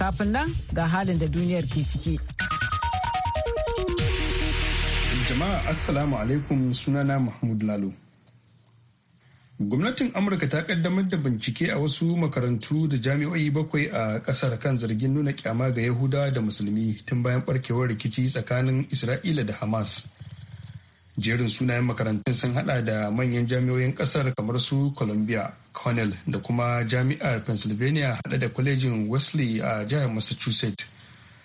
Kafin nan ga halin da duniyar ke ciki. Jama'a Assalamu alaikum sunana Mahmud Lalo. Gwamnatin Amurka ta kaddamar da bincike a wasu makarantu da jami'o'i bakwai a kasar kan zargin nuna kyama ga yahuda da Musulmi tun bayan barkewar rikici tsakanin Isra'ila da Hamas. jerin sunayen makarantun sun hada da manyan jami'oyin kasar kamar su columbia cornell da kuma jami'ar pennsylvania hada da kwalejin wesley a jihar massachusetts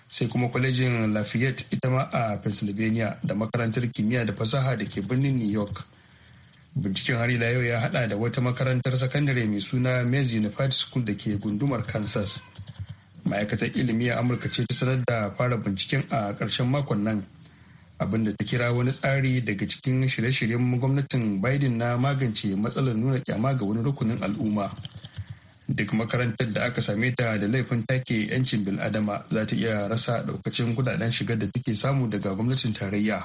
sai kuma kwalejin lafayette ita ma a pennsylvania da makarantar kimiyya da fasaha da ke birnin new york binciken har ila yau ya hada da wata makarantar sakandare mai suna maize unified school da ke gundumar kansas ma'aikatar ilimi a amurka ce ta sanar da fara binciken a ƙarshen makon nan abinda ta kira wani tsari daga cikin shirye-shiryen gwamnatin biden na magance matsalar nuna kyama ga wani rukunin al'umma duk makarantar da aka same ta da laifin take 'yancin bil'adama za ta iya rasa daukacin kudaden shigar da take samu daga gwamnatin tarayya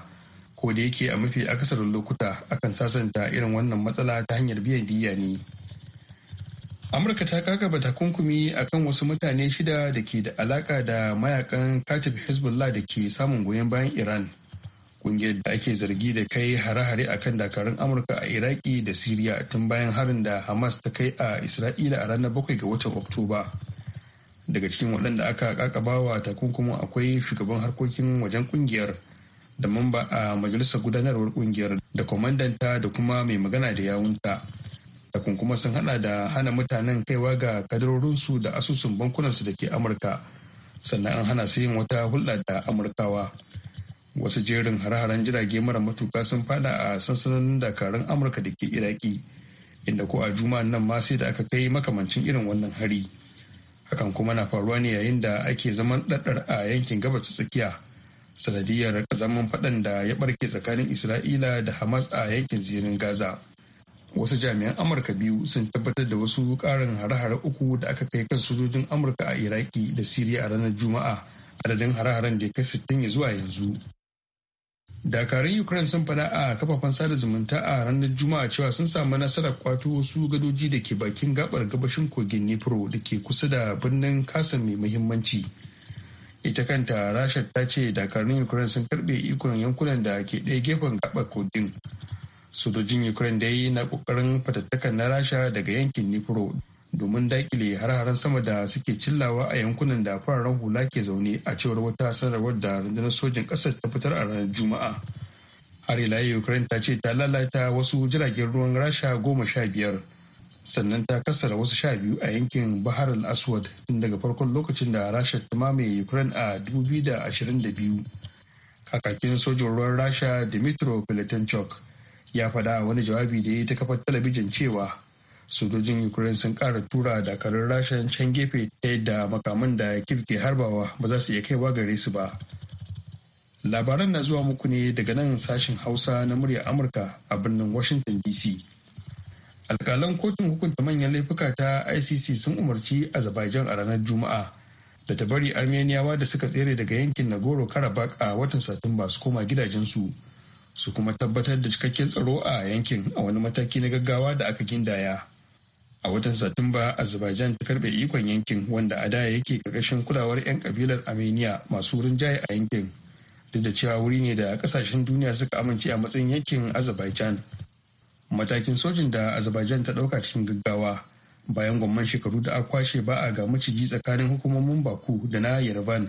ko da yake a mafi akasarin lokuta akan sasanta irin wannan matsala ta hanyar biyan diya ne amurka ta kakaba takunkumi akan wasu mutane shida da ke da alaka da mayakan katib hezbollah da ke samun goyon bayan iran kungiyar da ake zargi da kai hare-hare a kan dakarun amurka a iraki da siriya tun bayan harin da hamas ta kai a isra'ila a ranar bakwai ga watan oktoba daga cikin waɗanda aka kakabawa takunkumin akwai shugaban harkokin wajen kungiyar da mamba a majalisar gudanarwar kungiyar da kwamandanta da kuma mai magana da yawunta takunkuma sun hada da hana mutanen kaiwa ga kadarorinsu da asusun bankunansu da ke amurka sannan an hana su yin wata hulɗa da amurkawa wasu jerin har-haren jirage mara matuka sun fada a sansanin dakarun amurka da ke iraki inda ko a juma'an nan ma sai da aka kai makamancin irin wannan hari hakan kuma na faruwa ne yayin da ake zaman ɗaɗɗar a yankin gabas tsakiya sanadiyar zaman faɗan da ya ɓarke tsakanin isra'ila da hamas a yankin zirin gaza wasu jami'an amurka biyu sun tabbatar da wasu ƙarin hare-hare uku da aka kai kan sojojin amurka a iraki da siriya a ranar juma'a adadin hare-haren da ya kai sittin zuwa yanzu dakarun ukraine sun faɗa a kafafen sada zumunta a ranar juma'a cewa sun samu nasarar kwato wasu gadoji da ke bakin gabar gabashin kogin NEPRO da ke kusa da birnin kasan mai muhimmanci ita kanta rasha ta ce dakarun ukraine sun karbe ikon yankunan da ke ɗaya gefen gabar kogin sojojin ukraine da yi na kokarin fatattakan na rasha daga yankin NEPRO. domin daƙile har-haren sama da suke cillawa a yankunan da fararen hula ke zaune a cewar wata sanarwar da rundunar sojin ƙasar ta fitar a ranar juma'a har ila ukraine ta ce ta lalata wasu jiragen ruwan rasha goma sha biyar sannan ta kassara wasu sha biyu a yankin bahar al-aswad tun daga farkon lokacin da rasha ta mamaye ukraine a 2022 kakakin sojin ruwan rasha dmitry pelatenchuk ya faɗa wani jawabi da ya ta kafar talabijin cewa sojojin ukraine sun kara tura dakarun rasha can gefe yadda makaman da kif ke harbawa ba za su iya kaiwa gare su ba labaran na zuwa muku ne daga nan sashen hausa na murya amurka a birnin washington dc alkalan kotun hukunta manyan laifuka ta icc sun umarci azerbaijan a ranar juma'a da ta bari armeniyawa da suka tsere daga yankin nagoro karabakh a watan satumba su koma gidajensu su kuma tabbatar da cikakken tsaro a yankin a wani mataki na gaggawa da aka gindaya a watan satumba azerbaijan ta karbe ikon yankin wanda a da yake karkashin kulawar 'yan kabilar armenia masu rinjaye a yankin duk da cewa wuri ne da kasashen duniya suka amince a matsayin yankin azerbaijan matakin sojin da azerbaijan ta dauka cikin gaggawa bayan gwamman shekaru da a kwashe ba a ga maciji tsakanin hukumomin baku da na yerevan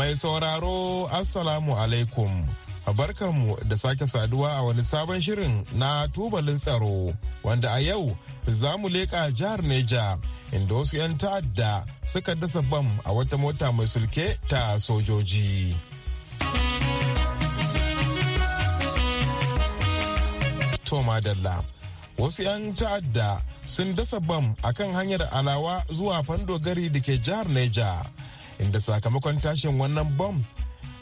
Mai sauraro Assalamu alaikum. a mu da sake saduwa a wani sabon shirin na tubalin tsaro wanda a yau za mu leƙa jihar Neja inda wasu 'yan ta'adda suka dasa bam a wata mota mai sulke ta sojoji. Toma Dalla wasu 'yan ta'adda sun dasa bam a kan hanyar alawa zuwa fandogari da ke jihar Neja. inda sakamakon tashin wannan bom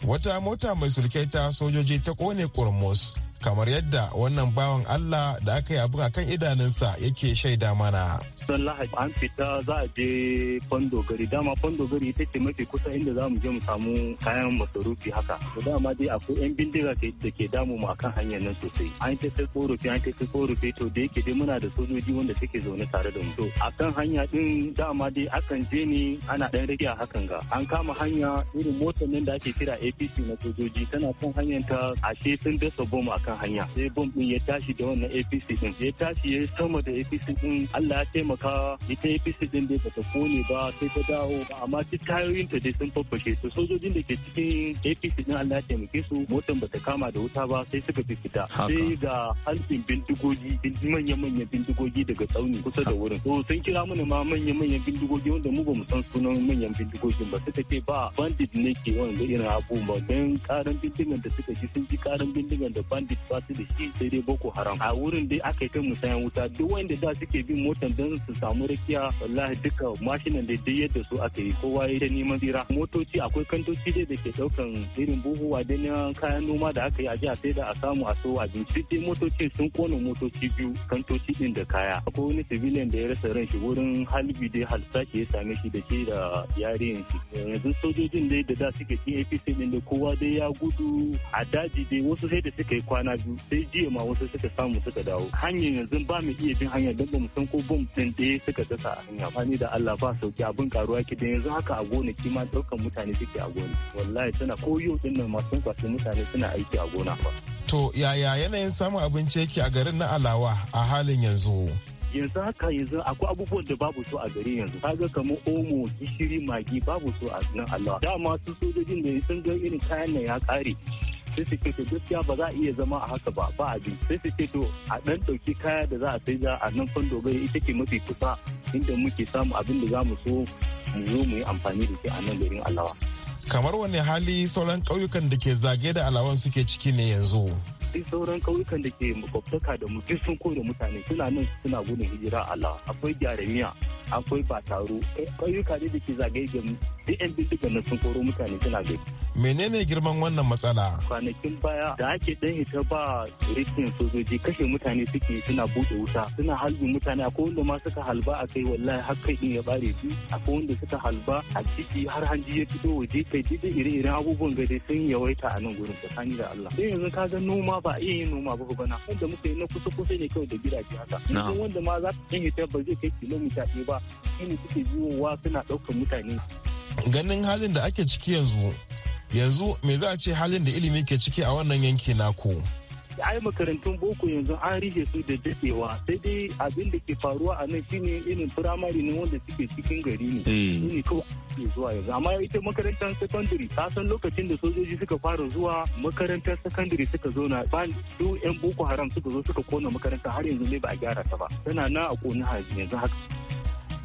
wata mota mai sulke ta sojoji ta kone kurmus kamar yadda wannan bawan Allah da aka yi abin kan idanunsa yake shaida mana. Don lahadi an fita za a je gari dama gari ita ce mafi kusa inda za mu je mu samu kayan masarufi haka. Da dama dai akwai 'yan bindiga da ke damu mu akan hanyar nan sosai. An ta sai korafi an ta sai korafi to da yake dai muna da sojoji wanda suke zaune tare da mu. To akan hanya din dama dai akan je ne ana ɗan rage a hakan ga. An kama hanya irin motar nan da ake kira APC na sojoji tana kan hanyar ta ashe sun dasa bom kan hanya sai bom din ya tashi da wannan apc din ya tashi ya sama da apc din allah ya taimaka ita apc din dai bata kone ba sai ta dawo amma duk tayoyin ta dai sun faffashe su sojojin da ke cikin apc din allah ya taimake su motan bata kama da wuta ba sai suka fita sai ga halbin bindigogi manya manya bindigogi daga tsauni kusa da wurin to sun kira mana ma manya-manyan bindigogi wanda mu ba mu san sunan manyan bindigogin ba suka ce ba bandit ne ke wanda irin abubuwa don karan bindigan da suka ji sun ji karan bindigan da bandit ba da shi sai dai boko haram a wurin da aka yi kan musayan wuta duk wanda da suke bin motan don su samu rakiya wallahi duka mashinan da dai yadda su aka yi kowa ya da neman tsira motoci akwai kantoci dai da ke daukan irin buhuwa da na kayan noma da aka yi a jiya sai da a samu a so abinci dai motocin sun kona motoci biyu kantoci din da kaya akwai wani civilian da ya rasa ran shi wurin halbi dai ya same shi da ke da yarin shi yanzu sojojin dai da da suke cin apc din da kowa dai ya gudu a daji dai wasu sai da suka yi kwana kwana biyu sai jiya ma wasu suka samu suka dawo hanyar yanzu ba mu iya bin hanyar don ba mu san ko bom din ɗaya suka dasa a hanya ba da Allah ba sauki abin karuwa ki dan yanzu haka a gonaki ma daukan mutane suke a gona wallahi tana ko yau din nan masu kwace mutane suna aiki a gona fa to yaya yanayin samun abinci yake a garin na Alawa a halin yanzu yanzu haka yanzu akwai abubuwan da babu su a gari yanzu kaga kamar omo gishiri magi babu su a nan Allah dama su sojojin da sun ga irin kayan nan ya kare sai su ce to gaskiya ba za a iya zama a haka ba ba abin sai su ce to a dan ɗauki kaya da za a sai da a nan fan dogari ita ke mafi kusa inda muke samu abin da za mu so mu zo mu yi amfani da shi a nan garin alawa. kamar wani hali sauran ƙauyukan da ke zage da alawan suke ciki ne yanzu duk sauran ƙauyukan da ke makwabtaka da mu duk sun da mutane suna nan suna gudun hijira Allah akwai jaramiya akwai bataro ƙauyuka ne da ke zagaye da mu duk yan bindigan na sun koro mutane suna gai menene girman wannan matsala kwanakin baya da ake dan ita ba rikin sojoji kashe mutane suke suna bude wuta suna halbi mutane akwai wanda ma suka halba a kai wallahi har kai din ya bare su akwai wanda suka halba a ciki har hanji ya fito waje kai titi iri-iri abubuwan gari sun yawaita a nan gurin tsakani da Allah. Sai yanzu ka ga noma ba a iya yin noma ba bana wanda muka yi na kusa kusa ne kawai da gidaje haka. Yanzu wanda ma za ka san ba zai kai kilomita ɗaya ba inda suke biyowa suna ɗaukar mutane. Ganin halin da ake ciki yanzu yanzu me za a ce halin da ilimi ke ciki a wannan yanki naku. ai makarantun boko yanzu an rije su da dadewa sai dai abin da ke faruwa a nan shine irin firamare ne wanda suke cikin gari ne hmm. shine kawai zuwa yanzu amma ita makarantar secondary ta san lokacin da sojoji suka fara zuwa makarantar secondary suka zauna ban duk yan boko haram suka zo suka kona makaranta har yanzu ne ba a gyara ta ba tana na a kona haji yanzu haka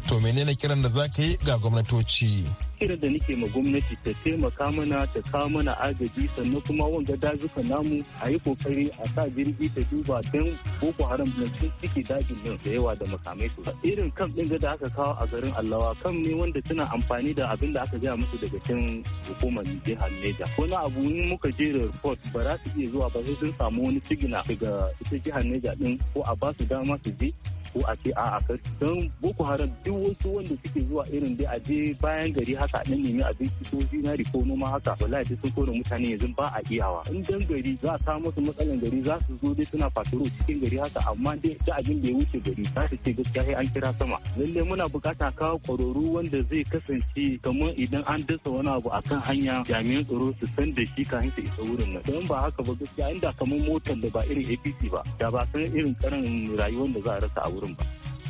to menene kiran da za yi ga gwamnatoci kira da nake ma gwamnati ta taimaka mana ta kawo mana agaji sannan kuma wanga dazuka namu a yi kokari a sa jirgi ta duba don boko haram na cin ciki dajin nan da yawa da makamai su irin kam din da aka kawo a garin allawa kan ne wanda suna amfani da abin da aka gaya musu daga can hukumar jihar neja wani abu muka je report ba za su iya zuwa ba sai sun samu wani sigina daga ita jihar neja din ko a ba su dama su je ko a ce a'a don boko haram duk wasu wanda suke zuwa irin dai a je bayan gari haka ƙasa ɗan nemi abinci ko zinari ko noma haka wallahi duk sun kore mutane yanzu ba a iyawa in dan gari za a samu musu matsalan gari za su zo dai suna fatoro cikin gari haka amma dai ta abin da ya wuce gari za su ce gaskiya sai an kira sama lalle muna bukata kawo kwararru wanda zai kasance kamar idan an dasa wani abu akan hanya jami'an tsaro su san da shi kafin su isa wurin nan don ba haka ba gaskiya inda kamar motar da ba irin APC ba da ba san irin karan rayuwar da za a rasa a wurin ba.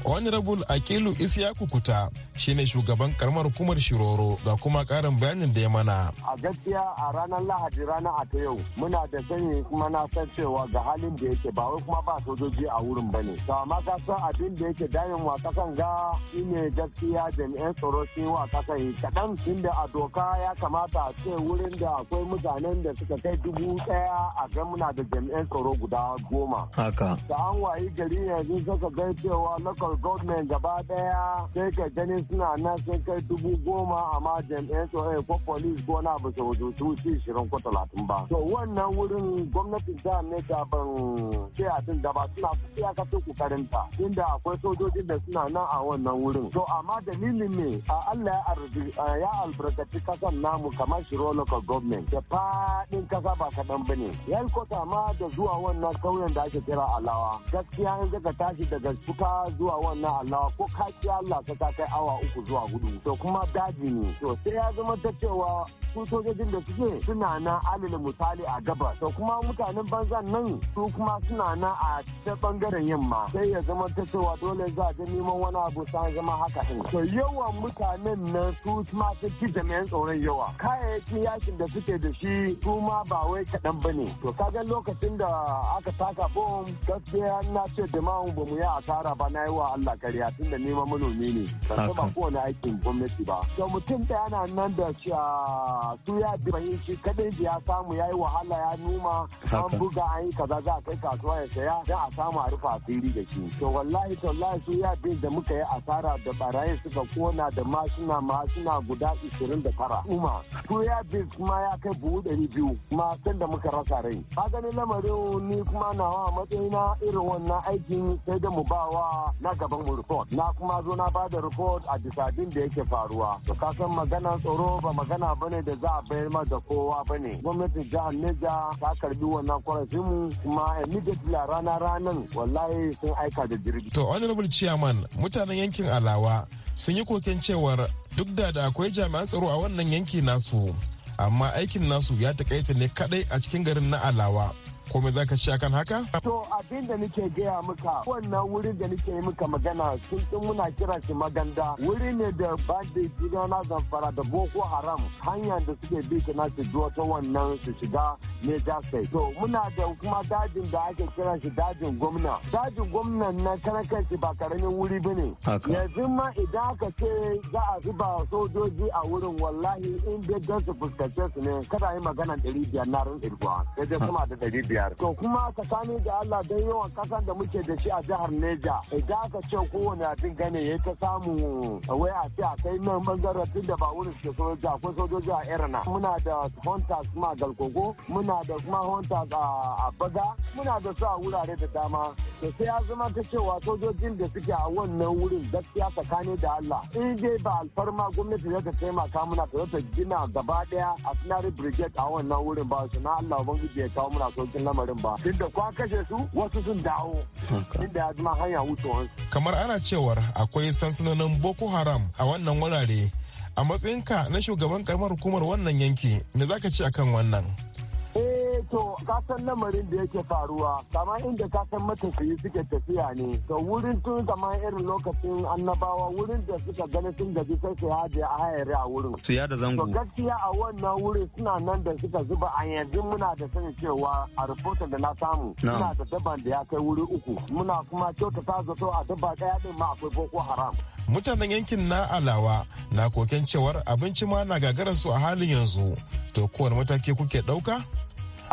honorable akilu isiyaku kuta shine shugaban karamar hukumar shiroro ga kuma karin bayanin da ya mana a gaskiya a ranar lahadi rana a ta yau muna da sani kuma na san cewa ga halin da yake ba wai kuma ba sojoji a wurin ba ne to amma ka san abin da yake dayin wa kasan ga shine gaskiya jami'an tsaro sai wa kasan kaɗan da a doka ya kamata a ce wurin da akwai mutanen da suka kai dubu ɗaya a ga muna da jami'an tsaro guda goma haka da an wayi gari yanzu saka ga cewa lokal local government gaba daya sai ka gani suna nan sun kai dubu goma amma jami'an tsaro ko police ko na ba su wajutu su shirin ko talatin ba. To wannan wurin gwamnatin jihar ne ban sai a tun gaba suna kusa ka kokarin ta inda akwai sojojin da suna nan a wannan wurin. To amma dalilin ne a Allah ya albarkaci kasan namu kamar shiro local government da faɗin kasa ba kaɗan ba ne. Yalkota ma da zuwa wannan kauyen da ake kira alawa gaskiya in ka tashi daga suka zuwa wannan allawa ko ka ki allah ka ka kai awa uku zuwa hudu to kuma daji ne to sai ya zama ta cewa su sojojin da suke suna na alil misali a gaba to kuma mutanen banzan nan su kuma suna na a ta bangaren yamma sai ya zama ta cewa dole za a neman wani abu sai zama haka din to yawan mutanen nan su ma ta ci jami'an tsoron yawa kayayyakin yakin da suke da shi su ma ba wai kaɗan ba ne to kaga lokacin da aka saka bom gaskiya na ce jama'an ba mu yi asara ba na yi wa allah Allah kariya tunda neman manomi ne sannan ba kowane aikin gwamnati ba to mutum da yana nan da cewa ah, su ya bi shi kadai da ya samu yayi wahala ya noma an buga an yi kaza za a kai kasuwa ya saya dan a samu a rufa asiri da shi to wallahi to wallahi su ya da muka yi asara da barayin suka kona da mashina mashina guda 29 kuma su ya bi kuma ya kai buhu 200 kuma tun da muka rasa rai ka gani lamarin ni kuma nawa matsayina irin wannan aikin sai da mu bawa na gaban mu report na kuma zo na bada report a disadin da yake faruwa to ka san magana tsoro ba magana bane da za a bayar ma da kowa bane gwamnati jihar Neja ta karbi wannan kwarafin mu kuma immediately rana ranan wallahi sun aika da jirgi to honorable chairman mutanen yankin Alawa sun yi koken cewar duk da da akwai jami'an tsaro a wannan yanki nasu amma aikin nasu ya takaita ne kadai a cikin garin na Alawa kome za ka ci akan haka? To abin da nake gaya maka wannan wuri da nake maka magana sun tun muna kira shi maganda wuri ne da bandeji na zamfara da boko haram hanyar da suke bi ta na su zuwa ta wannan su shiga ne sai. To muna da kuma dajin da ake kira shi dajin gwamna. Dajin gwamna na kanakan shi ba karamin wuri ba ne. Yanzu ma idan aka ce za a zuba sojoji a wurin wallahi in bai don su fuskace su ne kada yi magana ɗari biyar na rin ɗirgwa. kuma da ɗari biyar. biyar. To kuma ka sami da Allah don yawan kasan da muke da shi a jihar Neja. Idan aka ce kowane abin gane ya ta samu wai a ce a kai nan bangaren tun da ba wurin suke sojoji ko sojoji a Erna. Muna da hunters a Galkogo, muna da kuma hunters a Baga, muna da su a wurare da dama. To sai ya zama ta cewa sojojin da suke a wannan wurin gaskiya tsakani da Allah. In dai ba alfarma gwamnati za ta taimaka muna ta gina gaba daya a Sinari Brigade a wannan wurin ba su na Allah Ubangiji ya kawo muna sojin lamarin ba da kwa kashe su wasu sun dawo inda ya zama hanya wucewar kamar ana cewar akwai sansanonin boko haram a wannan wurare a matsayinka na shugaban karamar hukumar wannan yanki me zaka ci akan wannan to kasan lamarin da yake faruwa kamar inda kasan matafiya suke tafiya ne to wurin tun zama irin lokacin annabawa wurin da suka gani sun gaji sai su haje a hayari a wurin su da zango gaskiya a wannan wurin suna nan da suka zuba a yanzu muna da sani cewa a rahoton da na samu suna da daban da ya kai wuri uku muna kuma kyautata zato a daba daya din ma akwai boko haram mutanen yankin na alawa na koken cewar abinci ma na gagarar su a halin yanzu to kowane mataki kuke dauka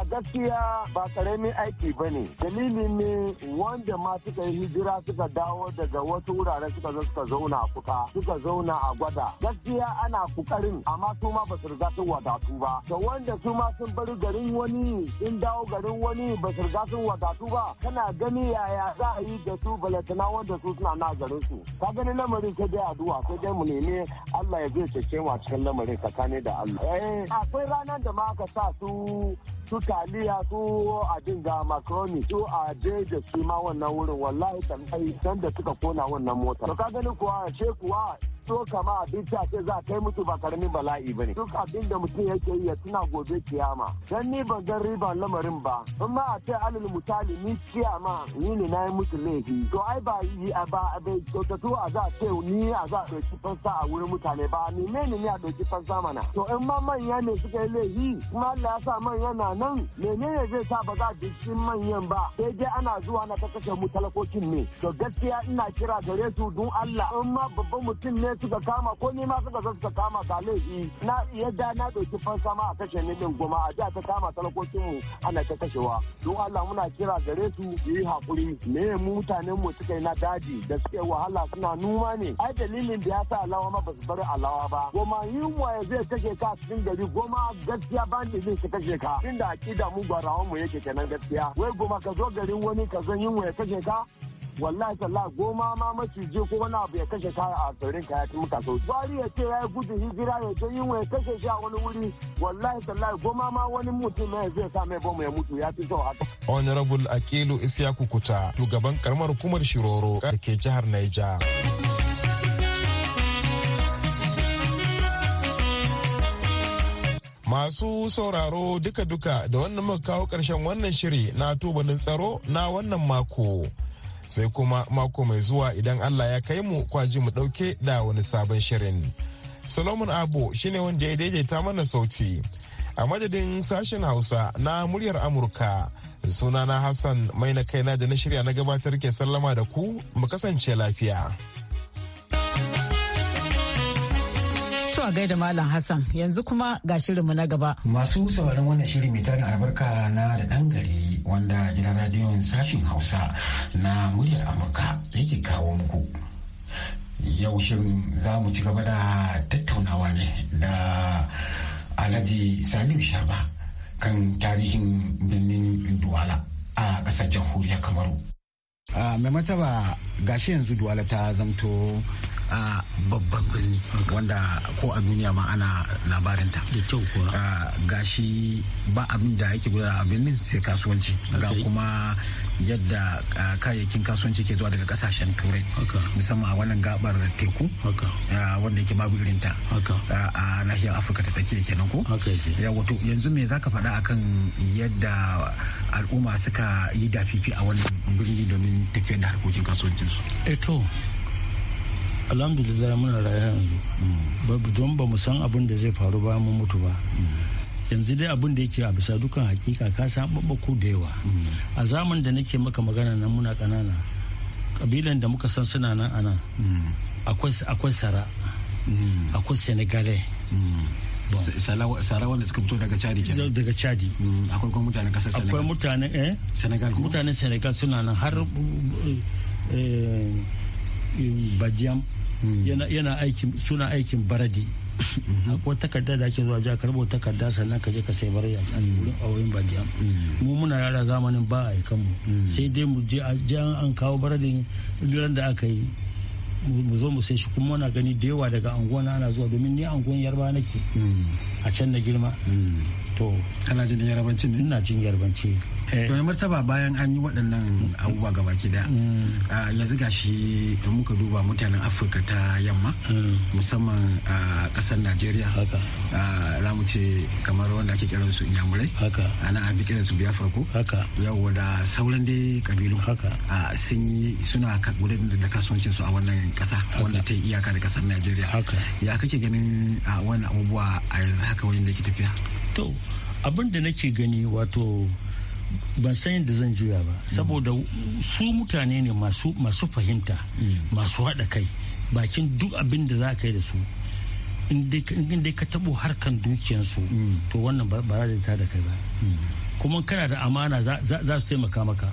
a gaskiya ba karamin aiki ba ne dalili ne wanda ma suka yi hijira suka dawo daga wasu wurare suka zo suka zauna kuka suka zauna a gwada gaskiya ana kukarin amma su ma ba su riga sun wadatu ba to wanda su ma sun bari garin wani sun dawo garin wani ba su riga sun wadatu ba kana gani yaya za a yi da su balatana wanda su suna na garin su ka gani lamarin sai dai addu'a sai dai mu nemi Allah ya zai sace mu cikin lamarin tsakani da Allah eh, akwai ranar da ma aka sa su su taliya su a dinga Macron su a da su ma wannan wurin wallahi tambayi san da suka kona wannan mota to ka gani kuwa ce kuwa so kama abin ta ce za kai mutu ba karamin bala'i ba ne duk abin da mutum yake yi ya tuna gobe kiyama dan ni ban gan riba lamarin ba in ma a ce alil misali ni kiyama ni ne na yi mutu laifi to ai ba yi a ba a bai kyautatu a za ce ni a za a ɗauki fansa a wurin mutane ba ni ne ne a ɗauki fansa mana to in ma manya ne suka yi laifi kuma Allah ya sa manya na nan menene zai sa ba za a jikin manyan ba sai dai ana zuwa na ta kashe mu talakokin ne to gaskiya ina kira gare su don Allah in ma babban mutum ne suka kama ko ni ma suka zo suka kama ba laifi na yadda na ɗauki fansa ma a kashe ni din goma a da ta kama talakokin mu ana ta kashewa don Allah muna kira gare su yi hakuri me mu mutanen mu suka yi na daji da suke wahala suna numa ne ai dalilin da ya sa alawa ma ba su bari alawa ba goma yunwa ya zai kashe ka cikin gari goma gaskiya ni zai su kashe ka inda akida mu gwarawan mu yake kenan gaskiya wai goma ka zo garin wani ka zan yunwa ya kashe ka wallahi sallah goma ma je ko wani abu ya kashe kaya a garin kaya tun muka so wari ya ce ya yi gudun hijira ya je yin ya kashe shi a wani wuri wallahi sallah goma ma wani mutum ne zai sa mai bomu ya mutu ya fi so haka. honorable akilu isyaku kukuta shugaban karamar hukumar shiroro da ke jihar naija. Masu sauraro duka-duka da wannan muka kawo ƙarshen wannan shiri na tubalin tsaro na wannan mako. sai kuma mako mai zuwa idan Allah ya kai mu kwaji mu ɗauke da wani sabon shirin. Solomon Abo shine wanda ya daidaita mana sauti. A madadin sashen Hausa na muryar Amurka, sunana Hassan mai na kaina da na shirya na gabatar ke sallama da ku mu kasance lafiya. a gaida Malam Hassan yanzu kuma ga shirinmu na gaba. Masu sauraron wannan shiri mai tarin albarka na da ɗan gari wanda gidan radiyon sashin Hausa na muryar Amurka yake kawo muku. Yau shirin za mu ci gaba da tattaunawa ne da Alhaji Saliu Shaba kan tarihin birnin Duwala a ƙasar jamhuriyar Kamaru. a ah, mai mataba gashi yanzu duwala ta zamto a babban birni wanda ko a duniya ma ana labarinta da kyau Ga gashi ba abin da yake gudana a birnin sai kasuwanci ga kuma yadda kayayyakin kasuwanci ke zuwa daga kasashen turai musamman a wannan gabar teku wanda yake babu irinta a nahiyar afirka ta tsakiya kenan ko ya wato yanzu me zaka faɗa akan yadda al'umma suka yi dafifi a wannan birni domin tafiyar da harkokin kasuwancinsu eto eh, alhamdulillah muna raya yanzu babu don ba mu san abin da zai faru ba mu mutu ba yanzu dai abin da yake a bisa dukkan hakika ka san babbako da yawa a zaman da nake maka magana nan muna kanana kabilan da muka san suna nan ana akwai sara akwai senegale sara wanda suka fito daga chadi kenan daga chadi akwai kuma mutanen kasar senegal akwai mutanen eh senegal mutanen senegal suna nan har eh, bajiyam yana aikin suna aikin baradi akwai takarda da ake zuwa ja karbo takarda sannan ka je ka sai bari a wurin awoyin badiyan mu muna yara zamanin ba a kanmu sai dai mu je an kawo baradin ran da aka yi mu zo mu sai shi kuma muna gani da yawa daga anguwa ana zuwa domin ni anguwan yarba nake a can na girma to kana jin yarbanci ne ina jin yarbanci eh. to martaba bayan an yi waɗannan abubuwa gaba da mm. ah, yanzu gashi da muka duba mutanen afirka ta yamma mm. musamman a ah, ƙasar najeriya ah, za mu ce kamar wanda ake kiran su inyamurai ana abi kiran su biafra ko yawwa da sauran dai kabilu sun yi suna gudun da kasuwancin su a wannan ƙasa wanda ta yi iyaka da ƙasar najeriya ya kake ganin wannan abubuwa a yanzu haka wajen da ke tafiya to abin da nake gani wato ban san yadda zan juya ba saboda su mutane ne masu fahimta masu haɗa kai bakin duk abin da za ka yi da su in dai ka taɓo harkan dukiyansu to wannan ba za ta da kai ba kuma kana da amana za su taimaka maka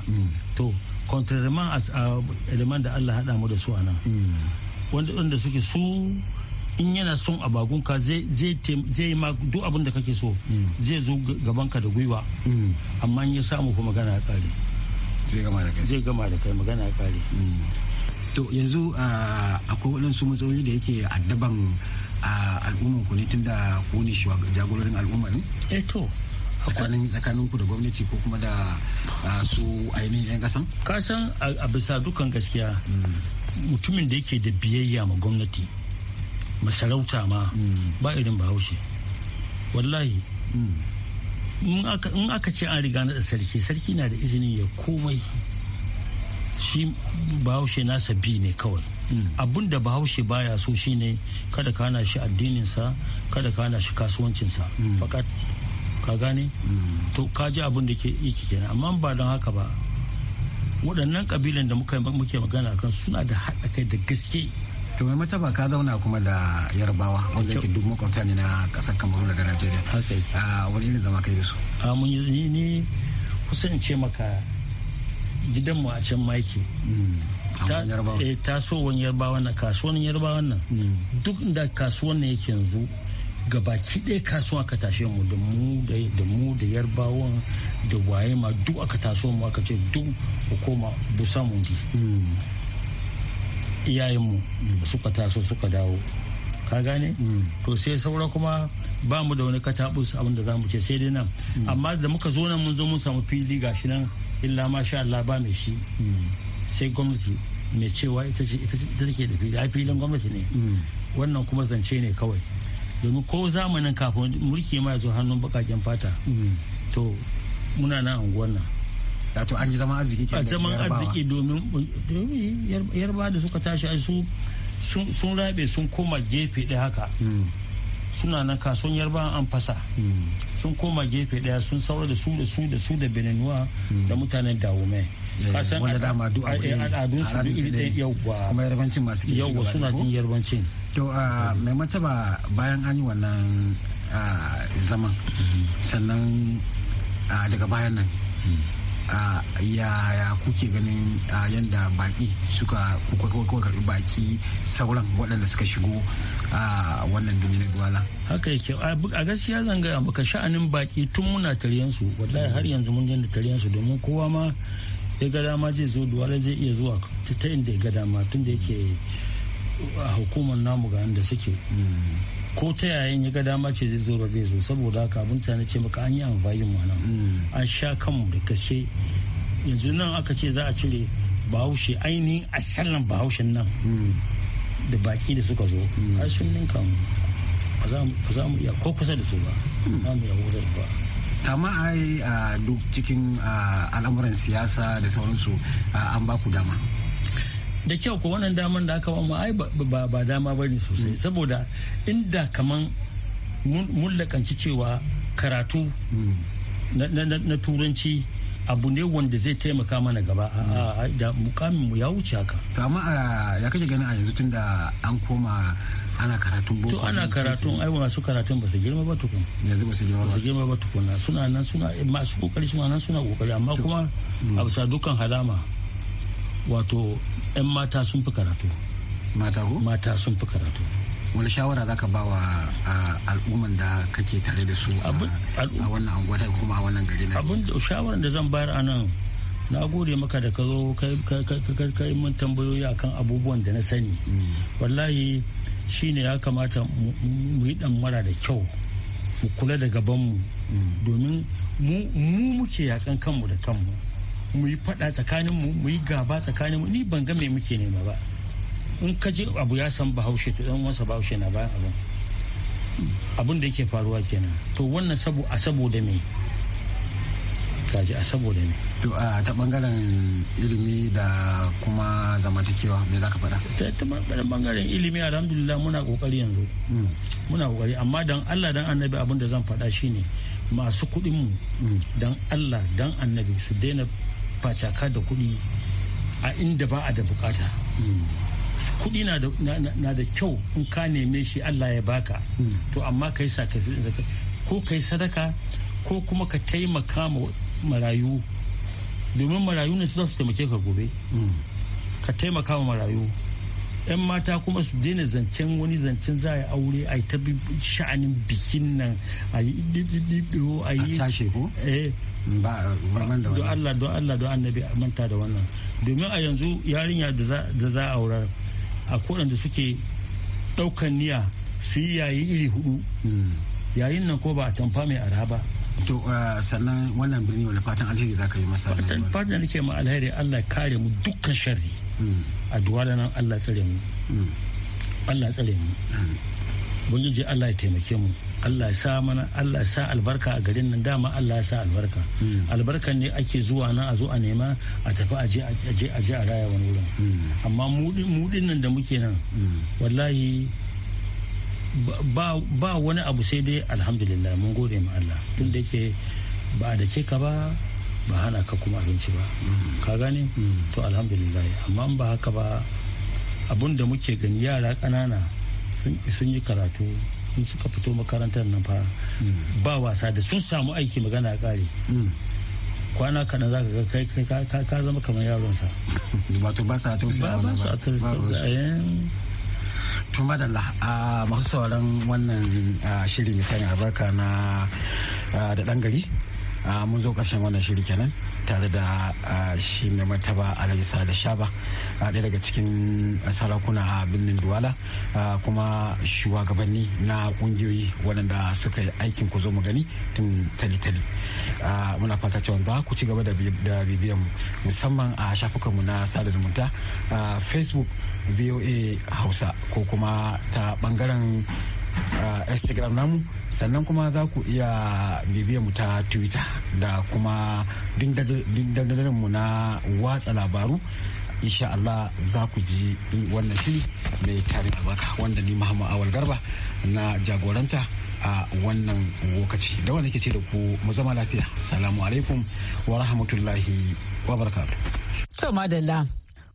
to contrairement ah, ah, a da Allah haɗa mu da su a nan wanda suke su in yana son a bagunka zai ma duk abin da kake so zai zo gabanka da gwiwa amma in ya samu kuma magana ya kare zai gama da kai magana ya kare to yanzu akwai waɗansu matsaloli da yake addaban al'umman ku ne tun da ku ne jagororin al'umma ne? eh to tsakanin tsakanin ku da gwamnati ko kuma da su ainihin 'yan kasan? kasan a bisa dukan gaskiya mutumin da yake da biyayya ma gwamnati masarauta ma mm. ba irin bahaushe wallahi mm. in aka ce an riga da sarki sarki na da izinin ya komai shi bahaushe nasa bi ne kawai mm. abun da bahaushe baya so shi ne. kada ka na shi addininsa kada ka na shi kasuwancinsa fakat ka gane to ka ji abin da ke iki kenan amma ba don haka ba waɗannan ƙabilan da muke magana kan suna da haɗa kai da gaske to mai ba ka zauna kuma da yarbawa wanda yake duk makwabta ne na kasar kamaru daga najeriya a wani irin zama kai da su a mun yi ni kusan ce maka gidanmu a can maiki hmm, eh, tasowar yarbawa na kasuwan yarbawa nan hmm. duk da kasuwan ne yake yanzu ga baki ɗaya kasuwa aka tashe mu da mu da mu da yarbawan da waye ma duk aka taso mu aka ce duk ko koma busa di iyayenmu suka taso suka dawo ka gane mm. to sai saura kuma ba mu da wani katabus abin da za mu ce sai dai nan mm. amma da muka zo nan mun zo mun samu fili gashi nan illa ma sha Allah ba mai shi mm. sai gwamnati mai cewa ita ce ita take da fili ai filin gwamnati ne wannan kuma zance ne kawai domin ko zamanin kafin mulki ma ya zo hannun bakaken fata to muna nan anguwan nan wato an yi zaman arziki ke zaman arziki domin yarba da suka tashi su sun rabe sun koma gefe ɗaya haka hmm. suna nan kasuwan yarba an fasa hmm. sun koma gefe ɗaya sun saura da su da su da su da benenuwa hmm. da mutanen dawume eh, kasan al'adun su duk iri yauwa kuma yarbancin masu yauwa suna jin yarbancin to ah, mai mataba bayan an yi wannan ah, zaman sannan ah, daga bayan nan yaya kuke ganin yadda baki suka kuka karbi baki sauran waɗanda suka shigo a wannan dumi duwala haka yake a gaskiya zan gaya maka sha'anin baki tun muna taryen su wallahi har yanzu mun yanda taryen su domin kowa ma ya ga dama zai zo duwala zai iya zuwa ta inda ya ga dama tun da yake a hukumar namu ga da suke hmm. ko ta yayin ya ga dama ce zai zo ba zai zo saboda haka abin ta ce maka an yi amfani mu nan an sha kanmu da gaske yanzu nan aka ce za a cire bahaushe ainihin asalin bahaushen nan mm. da baki da suka zo mm. a sun ninka mu ba za mu iya ko kusa da su ba za mm. mu iya wutar ba amma ai a duk cikin al'amuran siyasa da sauransu an ba ku dama da kyau ko wannan daman da aka bamu ai ba dama ba ne sosai mm. saboda inda kaman mun lakanci cewa karatu mm. na turanci abu ne wanda zai taimaka mana gaba mm. da mukamin mu ya wuce haka amma ya kake ganin a yanzu tun da an koma ana karatun boko to ana karatun ai masu karatun ba su girma ba tukun yanzu ba su girma ba su girma ba tukun suna nan suna masu kokari suna nan suna kokari amma kuma a bisa dukkan halama wato 'yan mata sun fi karatu mata ko mata sun fi karatu wani shawara za ka ba wa al'umman da kake tare da su a wannan angwata kuma a wannan gari na abin shawarar da zan bayar a nan na gode maka da ka zo kai mun tambayoyi akan abubuwan da na sani mm. wallahi shine ya kamata mu yi dan mara da kyau mu kula da gabanmu mm. domin mu muke yakan kanmu da kanmu mu yi faɗa tsakanin mu mu yi gaba tsakanin mu ni ban ga me muke nema ba in ka je abu ya san bahaushe to dan wasa bahaushe na bayan abin abin da yake faruwa kenan to wannan sabo a saboda me kaji a saboda me to a ta bangaren ilimi da kuma zamantakewa me zaka faɗa ta bangaren ilimi alhamdulillah muna kokari yanzu hmm. muna kokari amma dan Allah dan annabi abin da zan faɗa shine masu kuɗin mu hmm. dan Allah dan annabi su daina facaka da kuɗi a inda ba a da bukata hmm. kuɗi na da kyau in ka neme shi allah ya baka hmm. to amma ka yi ko ka yi sadaka ko kuma ka taimaka marayu domin marayu ne su za su taimake ka gobe hmm. ka taimaka wa marayu 'yan mata kuma su daina zancen wani zancen za a yi aure a yi ta sha'anin bikin nan a yi a yi tashe ko eh, ba ban da wannan Allah don Allah don annabi a manta da wannan domin a yanzu yarinya da za a aurar a kodan da suke daukan niyya su yi yayi iri hudu hmm. yayin nan ko ba a tamfa mai ara ba to uh, sannan wannan birni wani fatan alheri za ka yi masa fatan fatan da nake ma alheri Allah kare mu dukkan sharri hmm. a duwala nan Allah tsare mu hmm. Allah tsare mu ubangiji Allah ya taimake mu Allah sa mana Allah sa albarka a garin nan dama Allah sa albarka hmm. albarkan ne ake zuwa na a zo a nema a tafi a je a je raya wani wurin hmm. amma mu din nan da muke nan hmm. wallahi ba wani abu sai dai alhamdulillah mun gode ma Allah tun da ke ba da ke ka ba ba hana ka kuma abinci ba ka gane to alhamdulillah amma ba haka ba abun da muke gani yara ƙanana sun yi karatu in suka fito makarantar nan fa hmm. ba wasa da sun samu aiki magana a kare hmm. kwana kaɗan za ka ga kai ka zama kamar yaron sa. ba sa tausaya ba sa tausaya eh. to madalla a masu sauran wannan shiri mai kan albarka na da ɗan gari mun zo ƙarshen wannan shiri kenan tare da shi mai martaba alhaji da shaba a ɗaya daga cikin sarakuna a birnin duwala kuma shugabanni na ƙungiyoyi waɗanda suka yi aikin ku zo mu gani tun tali-tali muna fata cewa ba ku ci gaba da bibiyan musamman a shafukanmu na sada zumunta facebook voa hausa ko kuma ta ɓangaren. instagram namu sannan kuma za ku iya bibiyar mu ta twitter da kuma dindadin mu na watsa labaru insha Allah za ku ji wannan shiri mai tarin albarka wanda ni Muhammad Awal Garba na jagoranta a wannan lokaci da wanda ke ce da ku mu zama lafiya salamu alaikum wa rahmatullahi wa barakatuh to madalla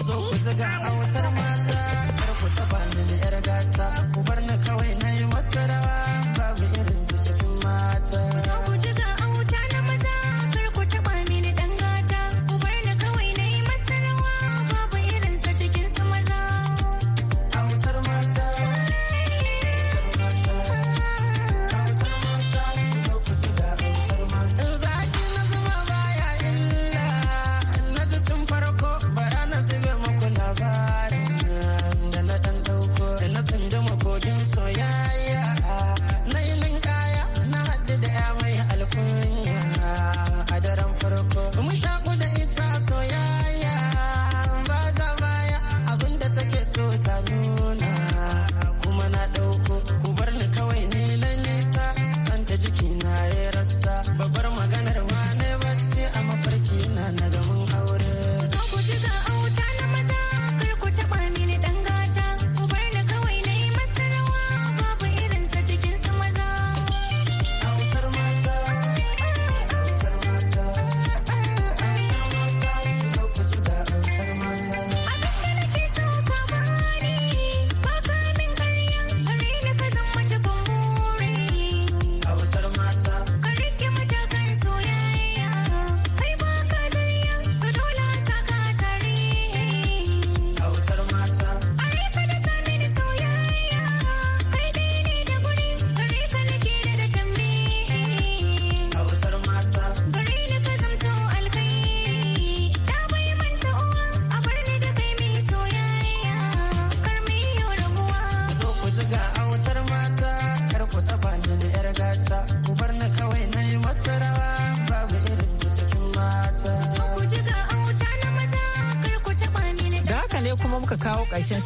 ku zo ku zuga a wutar mata kar ku taba mini yar gata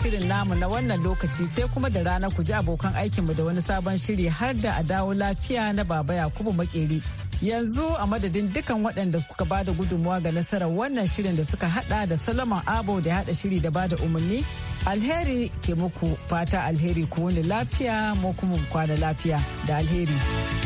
shirin namu na wannan lokaci sai kuma da rana ku ji abokan aikinmu da wani sabon shiri har da a dawo lafiya na baba Yakubu Makeri. Yanzu a madadin dukan waɗanda kuka bada gudunmuwa ga nasarar wannan shirin da suka hada da Salaman Abo da hada shiri da bada umarni. Alheri ke muku fata alheri ku wani lafiya mu kuma kwana lafiya da alheri.